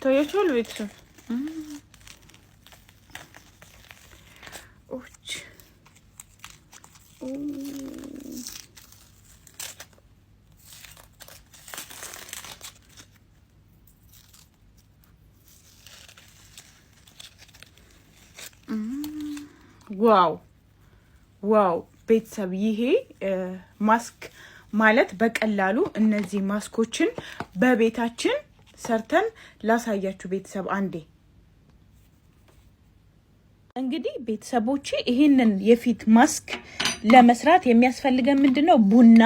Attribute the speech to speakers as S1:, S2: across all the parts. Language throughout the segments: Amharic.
S1: ይታያቸዋል። ቤተሰብ ዋው ዋው ቤተሰብ ይሄ ማስክ ማለት በቀላሉ እነዚህ ማስኮችን በቤታችን ሰርተን ላሳያችሁ ቤተሰብ አንዴ። እንግዲህ ቤተሰቦቼ ይህንን የፊት ማስክ ለመስራት የሚያስፈልገን ምንድን ነው? ቡና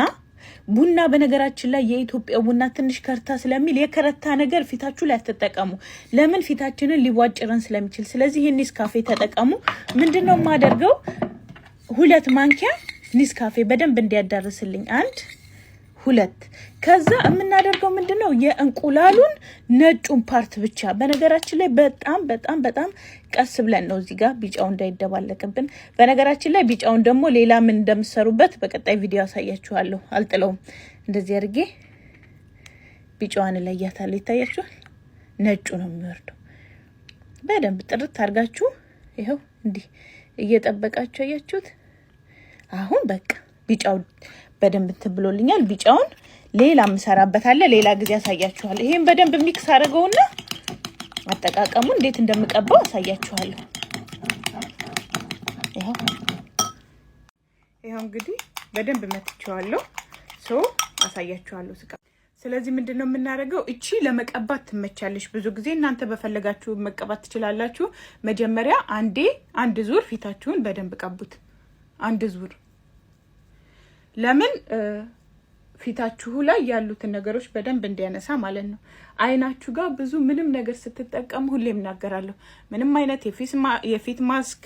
S1: ቡና በነገራችን ላይ የኢትዮጵያ ቡና ትንሽ ከርታ ስለሚል የከረታ ነገር ፊታችሁ ላይ አትጠቀሙ። ለምን? ፊታችንን ሊቧጭረን ስለሚችል። ስለዚህ ይህን ኒስካፌ ተጠቀሙ። ምንድን ነው የማደርገው? ሁለት ማንኪያ ኒስካፌ በደንብ እንዲያዳርስልኝ አንድ ሁለት ከዛ የምናደርገው ምንድን ነው? የእንቁላሉን ነጩን ፓርት ብቻ። በነገራችን ላይ በጣም በጣም በጣም ቀስ ብለን ነው እዚህ ጋር ቢጫው እንዳይደባለቅብን። በነገራችን ላይ ቢጫውን ደግሞ ሌላ ምን እንደምሰሩበት በቀጣይ ቪዲዮ ያሳያችኋለሁ። አልጥለውም። እንደዚህ አድርጌ ቢጫዋን እለያታለሁ። ይታያችኋል። ነጩ ነው የሚወርደው። በደንብ ጥርት አድርጋችሁ ይኸው እንዲህ እየጠበቃችሁ አያችሁት። አሁን በቃ ቢጫው በደንብ እንትን ብሎልኛል። ቢጫውን ሌላ የምሰራበት አለ፣ ሌላ ጊዜ ያሳያችኋል። ይሄን በደንብ ሚክስ አድርገውና አጠቃቀሙ እንዴት እንደምቀባው አሳያችኋለሁ። ይኸው ይኸው እንግዲህ በደንብ መትቼዋለሁ። ሶ አሳያችኋለሁ ስቃ ስለዚህ ምንድን ነው የምናደርገው? እቺ ለመቀባት ትመቻለች። ብዙ ጊዜ እናንተ በፈለጋችሁ መቀባት ትችላላችሁ። መጀመሪያ አንዴ አንድ ዙር ፊታችሁን በደንብ ቀቡት። አንድ ዙር ለምን ፊታችሁ ላይ ያሉትን ነገሮች በደንብ እንዲያነሳ ማለት ነው። አይናችሁ ጋር ብዙ ምንም ነገር ስትጠቀሙ ሁሌ እናገራለሁ፣ ምንም አይነት የፊት ማስክ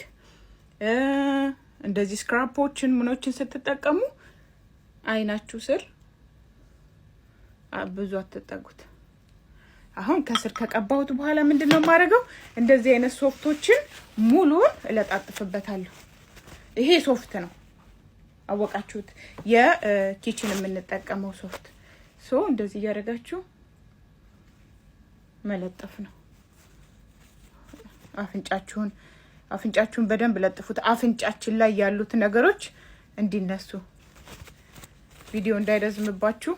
S1: እንደዚህ ስክራፖችን ምኖችን ስትጠቀሙ አይናችሁ ስር ብዙ አትጠጉት። አሁን ከስር ከቀባሁት በኋላ ምንድን ነው የማደርገው? እንደዚህ አይነት ሶፍቶችን ሙሉን እለጣጥፍበታለሁ። ይሄ ሶፍት ነው አወቃችሁት። የኪችን የምንጠቀመው ሶፍት ሶ እንደዚህ እያደረጋችሁ መለጠፍ ነው። አፍንጫችሁን አፍንጫችሁን በደንብ ለጥፉት። አፍንጫችን ላይ ያሉት ነገሮች እንዲነሱ ቪዲዮ እንዳይረዝምባችሁ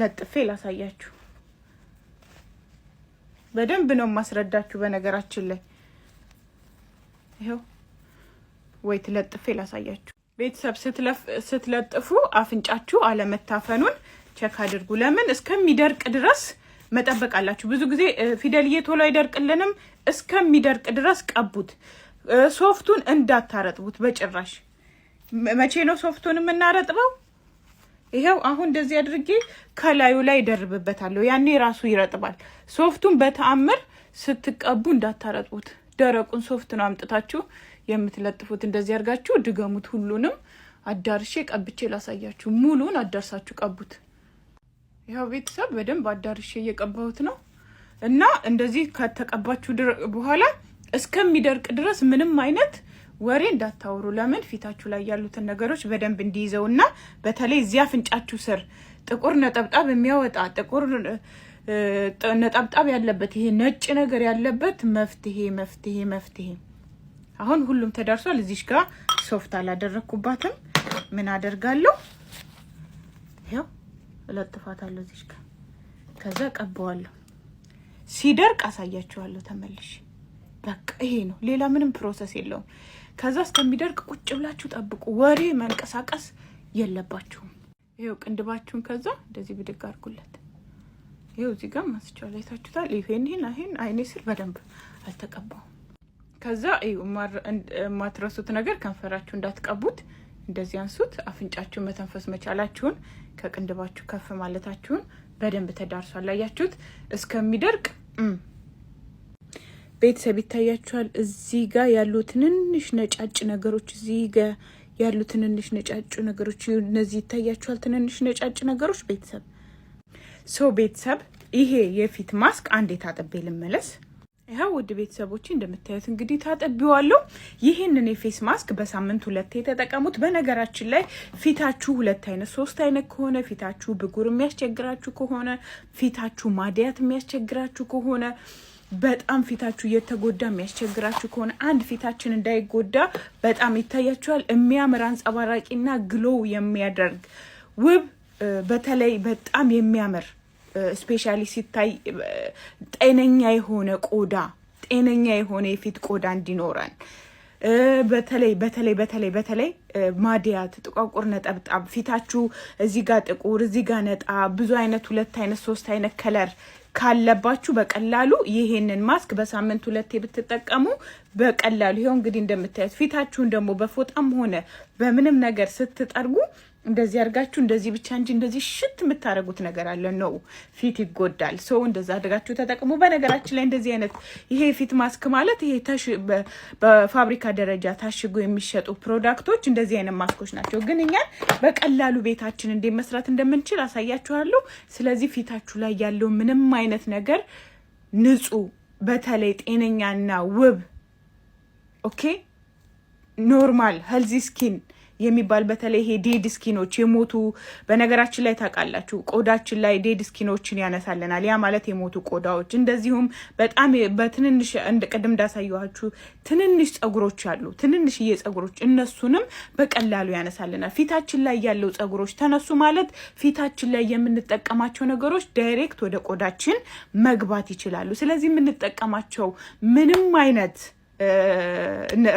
S1: ለጥፌ ላሳያችሁ። በደንብ ነው የማስረዳችሁ። በነገራችን ላይ ይኸው ወይ ትለጥፌ ላሳያችሁ። ቤተሰብ ስትለጥፉ አፍንጫችሁ አለመታፈኑን ቸክ አድርጉ። ለምን እስከሚደርቅ ድረስ መጠበቅ አላችሁ። ብዙ ጊዜ ፊደልዬ ቶሎ አይደርቅልንም። እስከሚደርቅ ድረስ ቀቡት። ሶፍቱን እንዳታረጥቡት በጭራሽ። መቼ ነው ሶፍቱን የምናረጥበው? ይኸው አሁን እንደዚህ አድርጌ ከላዩ ላይ ደርብበታለሁ። ያኔ ራሱ ይረጥባል። ሶፍቱን በተአምር ስትቀቡ እንዳታረጥቡት። ደረቁን ሶፍት ነው አምጥታችሁ የምትለጥፉት። እንደዚህ አድርጋችሁ ድገሙት። ሁሉንም አዳርሼ ቀብቼ ላሳያችሁ። ሙሉን አዳርሳችሁ ቀቡት። ይኸው ቤተሰብ በደንብ አዳርሼ እየቀባሁት ነው እና እንደዚህ ከተቀባችሁ በኋላ እስከሚደርቅ ድረስ ምንም አይነት ወሬ እንዳታወሩ። ለምን ፊታችሁ ላይ ያሉትን ነገሮች በደንብ እንዲይዘው እና በተለይ እዚያ አፍንጫችሁ ስር ጥቁር ነጠብጣብ የሚያወጣ ጥቁር ነጠብጣብ ያለበት ይሄ ነጭ ነገር ያለበት መፍትሄ መፍትሄ መፍትሄ አሁን ሁሉም ተዳርሷል። እዚሽ ጋር ሶፍት አላደረግኩባትም። ምን አደርጋለሁ? ይኸው እለጥፋታለሁ እዚሽ ጋር ከዛ ቀበዋለሁ ሲደርቅ አሳያችኋለሁ ተመልሼ። በቃ ይሄ ነው። ሌላ ምንም ፕሮሰስ የለውም። ከዛ እስከሚደርቅ ቁጭ ብላችሁ ጠብቁ። ወሬ መንቀሳቀስ የለባችሁም። ይኸው ቅንድባችሁን ከዛ እንደዚህ ብድግ አድርጉለት። ይኸው እዚህ ጋር ማስቻው ላይ ይሄን ይሄን አይኔ ስር በደንብ አልተቀባውም። ከዛ የማትረሱት ነገር ከንፈራችሁ እንዳትቀቡት፣ እንደዚህ አንሱት። አፍንጫችሁን መተንፈስ መቻላችሁን ከቅንድባችሁ ከፍ ማለታችሁን በደንብ ተዳርሷል። አያችሁት? እስከሚደርቅ ቤተሰብ ይታያችኋል። እዚህ ጋ ያሉ ትንንሽ ነጫጭ ነገሮች እዚህ ጋ ያሉ ትንንሽ ነጫጭ ነገሮች እነዚህ ይታያችኋል። ትንንሽ ነጫጭ ነገሮች ቤተሰብ ሰው ቤተሰብ ይሄ የፊት ማስክ አንዴ ታጥቤ ልመለስ። ይኸው ውድ ቤተሰቦች እንደምታዩት እንግዲህ ታጠቢዋለሁ። ይህንን የፌስ ማስክ በሳምንት ሁለቴ የተጠቀሙት። በነገራችን ላይ ፊታችሁ ሁለት አይነት ሶስት አይነት ከሆነ ፊታችሁ ብጉር የሚያስቸግራችሁ ከሆነ ፊታችሁ ማድያት የሚያስቸግራችሁ ከሆነ በጣም ፊታችሁ እየተጎዳ የሚያስቸግራችሁ ከሆነ አንድ ፊታችን እንዳይጎዳ በጣም ይታያችኋል። የሚያምር አንጸባራቂና ግሎው የሚያደርግ ውብ በተለይ በጣም የሚያምር ስፔሻሊ ሲታይ ጤነኛ የሆነ ቆዳ ጤነኛ የሆነ የፊት ቆዳ እንዲኖረን በተለይ በተለይ በተለይ በተለይ ማዲያት፣ ጥቋቁር ነጠብጣብ ፊታችሁ እዚህ ጋር ጥቁር እዚህ ጋር ነጣ ብዙ አይነት ሁለት አይነት ሶስት አይነት ከለር ካለባችሁ በቀላሉ ይሄንን ማስክ በሳምንት ሁለቴ ብትጠቀሙ በቀላሉ ይኸው እንግዲህ እንደምታዩት ፊታችሁን ደግሞ በፎጣም ሆነ በምንም ነገር ስትጠርጉ እንደዚህ አድርጋችሁ እንደዚህ ብቻ እንጂ እንደዚህ ሽት የምታደርጉት ነገር አለ ነው፣ ፊት ይጎዳል። ሰው እንደዛ አድርጋችሁ ተጠቅሙ። በነገራችን ላይ እንደዚህ አይነት ይሄ ፊት ማስክ ማለት ይሄ በፋብሪካ ደረጃ ታሽጎ የሚሸጡ ፕሮዳክቶች እንደዚህ አይነት ማስኮች ናቸው። ግን እኛን በቀላሉ ቤታችን እንዴት መስራት እንደምንችል አሳያችኋለሁ። ስለዚህ ፊታችሁ ላይ ያለው ምንም አይነት ነገር ንጹህ፣ በተለይ ጤነኛና ውብ ኦኬ ኖርማል ሄልዚ ስኪን የሚባል በተለይ ይሄ ዴድ ስኪኖች የሞቱ በነገራችን ላይ ታውቃላችሁ፣ ቆዳችን ላይ ዴድ ስኪኖችን ያነሳልናል። ያ ማለት የሞቱ ቆዳዎች፣ እንደዚሁም በጣም በትንንሽ ቅድም እንዳሳየኋችሁ ትንንሽ ጸጉሮች አሉ፣ ትንንሽዬ ጸጉሮች፣ እነሱንም በቀላሉ ያነሳልናል። ፊታችን ላይ ያለው ጸጉሮች ተነሱ ማለት ፊታችን ላይ የምንጠቀማቸው ነገሮች ዳይሬክት ወደ ቆዳችን መግባት ይችላሉ። ስለዚህ የምንጠቀማቸው ምንም አይነት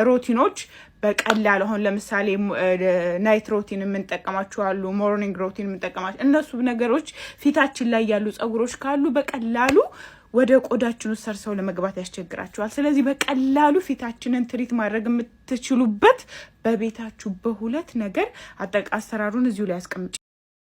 S1: ሮቲኖች በቀላል አሁን ለምሳሌ ናይት ሮቲን የምንጠቀማቸው አሉ፣ ሞርኒንግ ሮቲን የምንጠቀማቸው እነሱ ነገሮች ፊታችን ላይ ያሉ ጸጉሮች ካሉ በቀላሉ ወደ ቆዳችን ውስጥ ሰርሰው ለመግባት ያስቸግራቸዋል። ስለዚህ በቀላሉ ፊታችንን ትሪት ማድረግ የምትችሉበት በቤታችሁ በሁለት ነገር አጠቃ አሰራሩን እዚሁ ላይ ያስቀምጭ